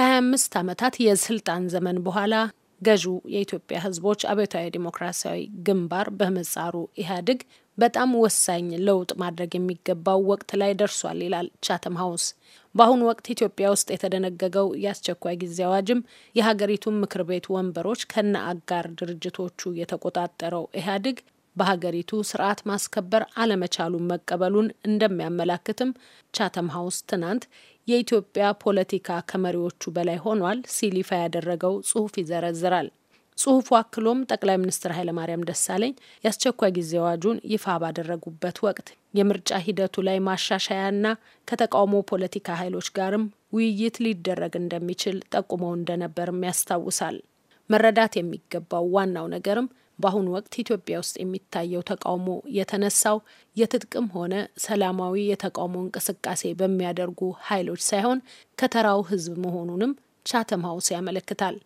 ከ25 ዓመታት የስልጣን ዘመን በኋላ ገዢው የኢትዮጵያ ሕዝቦች አብዮታዊ ዲሞክራሲያዊ ግንባር በምህጻሩ ኢህአዴግ በጣም ወሳኝ ለውጥ ማድረግ የሚገባው ወቅት ላይ ደርሷል ይላል ቻተም ሀውስ። በአሁኑ ወቅት ኢትዮጵያ ውስጥ የተደነገገው የአስቸኳይ ጊዜ አዋጅም የሀገሪቱን ምክር ቤት ወንበሮች ከነ አጋር ድርጅቶቹ የተቆጣጠረው ኢህአዴግ በሀገሪቱ ስርዓት ማስከበር አለመቻሉን መቀበሉን እንደሚያመላክትም ቻተም ሀውስ ትናንት የኢትዮጵያ ፖለቲካ ከመሪዎቹ በላይ ሆኗል ሲል ይፋ ያደረገው ጽሁፍ ይዘረዝራል። ጽሁፉ አክሎም ጠቅላይ ሚኒስትር ኃይለማርያም ደሳለኝ የአስቸኳይ ጊዜ አዋጁን ይፋ ባደረጉበት ወቅት የምርጫ ሂደቱ ላይ ማሻሻያና ከተቃውሞ ፖለቲካ ኃይሎች ጋርም ውይይት ሊደረግ እንደሚችል ጠቁመው እንደነበርም ያስታውሳል። መረዳት የሚገባው ዋናው ነገርም በአሁኑ ወቅት ኢትዮጵያ ውስጥ የሚታየው ተቃውሞ የተነሳው የትጥቅም ሆነ ሰላማዊ የተቃውሞ እንቅስቃሴ በሚያደርጉ ኃይሎች ሳይሆን ከተራው ሕዝብ መሆኑንም ቻተም ሀውስ ያመለክታል።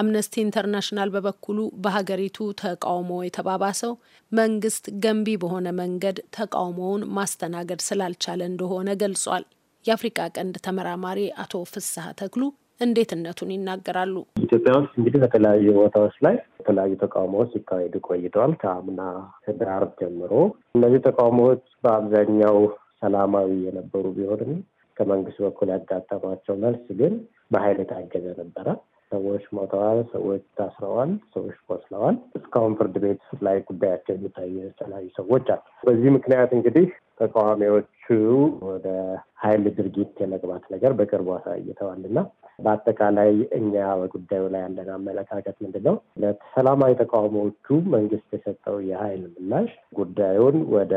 አምነስቲ ኢንተርናሽናል በበኩሉ በሀገሪቱ ተቃውሞ የተባባሰው መንግስት ገንቢ በሆነ መንገድ ተቃውሞውን ማስተናገድ ስላልቻለ እንደሆነ ገልጿል። የአፍሪካ ቀንድ ተመራማሪ አቶ ፍስሐ ተክሉ እንዴትነቱን ይናገራሉ። ኢትዮጵያ ውስጥ እንግዲህ በተለያዩ ቦታዎች ላይ የተለያዩ ተቃውሞዎች ሲካሄዱ ቆይተዋል። ከአምና ህዳር ጀምሮ እነዚህ ተቃውሞዎች በአብዛኛው ሰላማዊ የነበሩ ቢሆንም ከመንግስት በኩል ያጋጠማቸው መልስ ግን በኃይል የታገዘ ነበረ። ሰዎች ሞተዋል፣ ሰዎች ታስረዋል፣ ሰዎች ቆስለዋል። እስካሁን ፍርድ ቤት ላይ ጉዳያቸው የሚታየ የተለያዩ ሰዎች አሉ። በዚህ ምክንያት እንግዲህ ተቃዋሚዎቹ ወደ ኃይል ድርጊት የመግባት ነገር በቅርቡ አሳይተዋል እና በአጠቃላይ እኛ በጉዳዩ ላይ ያለን አመለካከት ምንድን ነው? ለሰላማዊ ተቃውሞዎቹ መንግስት የሰጠው የኃይል ምላሽ ጉዳዩን ወደ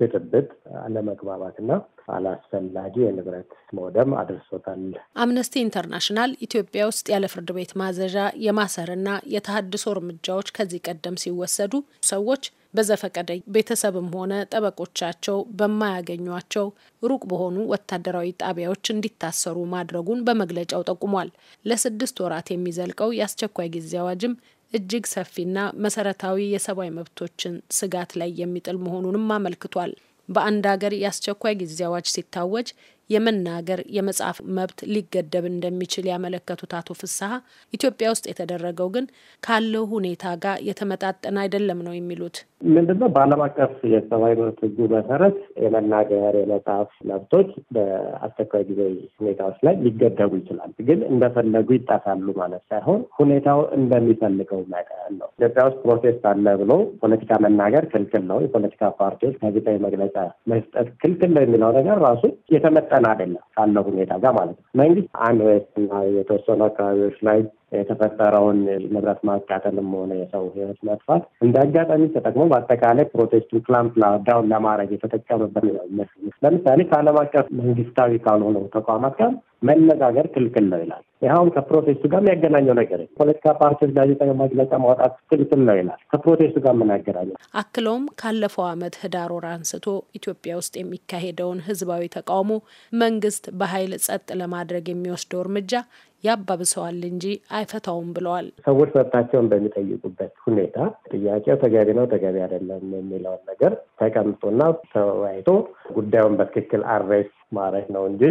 ብጥብጥ፣ አለመግባባትና አላስፈላጊ የንብረት መውደም አድርሶታል። አምነስቲ ኢንተርናሽናል ኢትዮጵያ ውስጥ ያለ ፍርድ ቤት ማዘዣ የማሰርና የተሀድሶ እርምጃዎች ከዚህ ቀደም ሲወሰዱ ሰዎች በዘፈቀደ ቤተሰብም ሆነ ጠበቆቻቸው በማያገኟቸው ሩቅ በሆኑ ወታደራዊ ጣቢያዎች እንዲታሰሩ ማድረጉን በመግለጫው ጠቁሟል። ለስድስት ወራት የሚዘልቀው የአስቸኳይ ጊዜ አዋጅም እጅግ ሰፊና መሰረታዊ የሰብአዊ መብቶችን ስጋት ላይ የሚጥል መሆኑንም አመልክቷል። በአንድ ሀገር የአስቸኳይ ጊዜ አዋጅ ሲታወጅ የመናገር የመጻፍ መብት ሊገደብ እንደሚችል ያመለከቱት አቶ ፍስሀ ኢትዮጵያ ውስጥ የተደረገው ግን ካለው ሁኔታ ጋር የተመጣጠነ አይደለም ነው የሚሉት። ምንድነው በዓለም አቀፍ የሰብአዊ መብት ህጉ መሰረት የመናገር የመጻፍ መብቶች በአስቸኳይ ጊዜ ሁኔታዎች ላይ ሊገደቡ ይችላል። ግን እንደፈለጉ ይጣሳሉ ማለት ሳይሆን ሁኔታው እንደሚፈልገው መጠን ነው። ኢትዮጵያ ውስጥ ፕሮቴስት አለ ብሎ ፖለቲካ መናገር ክልክል ነው፣ የፖለቲካ ፓርቲዎች ጋዜጣዊ መግለጫ መስጠት ክልክል ነው የሚለው ነገር ራሱ የተመጠ ቀን አይደለም ካለው ሁኔታ ጋር ማለት ነው። መንግስት አንድ ወይስ የተወሰኑ አካባቢዎች ላይ የተፈጠረውን ንብረት ማቃጠልም ሆነ የሰው ህይወት መጥፋት እንደ አጋጣሚ ተጠቅሞ በአጠቃላይ ፕሮቴስቱ ክላምፕ ዳውን ለማድረግ የተጠቀመበት ይመስል ለምሳሌ ከዓለም አቀፍ መንግስታዊ ካልሆነው ተቋማት ጋር መነጋገር ክልክል ነው ይላል። ይኸውም ከፕሮቴስቱ ጋር የሚያገናኘው ነገር ፖለቲካ ፓርቲዎች ጋዜጣ መግለጫ ማውጣት ክልክል ነው ይላል። ከፕሮቴስቱ ጋር ምን ያገናኘው? አክለውም ካለፈው ዓመት ህዳር ወር አንስቶ ኢትዮጵያ ውስጥ የሚካሄደውን ህዝባዊ ተቃውሞ መንግስት በኃይል ጸጥ ለማድረግ የሚወስደው እርምጃ ያባብሰዋል እንጂ አይፈታውም ብለዋል። ሰዎች መብታቸውን በሚጠይቁበት ሁኔታ ጥያቄው ተገቢ ነው ተገቢ አይደለም የሚለውን ነገር ተቀምጦና ተወያይቶ ጉዳዩን በትክክል አሬስ ማድረግ ነው እንጂ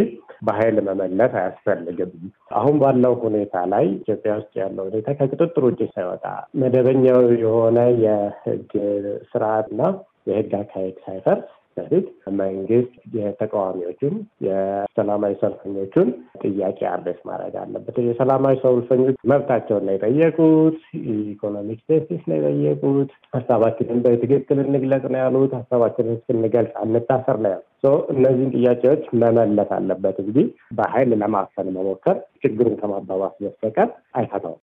በኃይል መመለስ አያስፈልግም። አሁን ባለው ሁኔታ ላይ ኢትዮጵያ ውስጥ ያለው ሁኔታ ከቁጥጥር ውጭ ሳይወጣ መደበኛው የሆነ የህግ ስርዓትና የህግ አካሄድ ሳይፈርስ በፊት መንግስት የተቃዋሚዎችን የሰላማዊ ሰልፈኞቹን ጥያቄ አድሬስ ማድረግ አለበት። የሰላማዊ ሰልፈኞች መብታቸውን ነው የጠየቁት፣ ኢኮኖሚክ ጀስቲስ ነው የጠየቁት፣ ሀሳባችንን በትክክል እንግለጽ ነው ያሉት፣ ሀሳባችንን ስንገልጽ አንታሰር ነው ያሉት። እነዚህን ጥያቄዎች መመለስ አለበት እንጂ በሀይል ለማፈን መሞከር ችግሩን ከማባባስ በስተቀር አይፈታውም።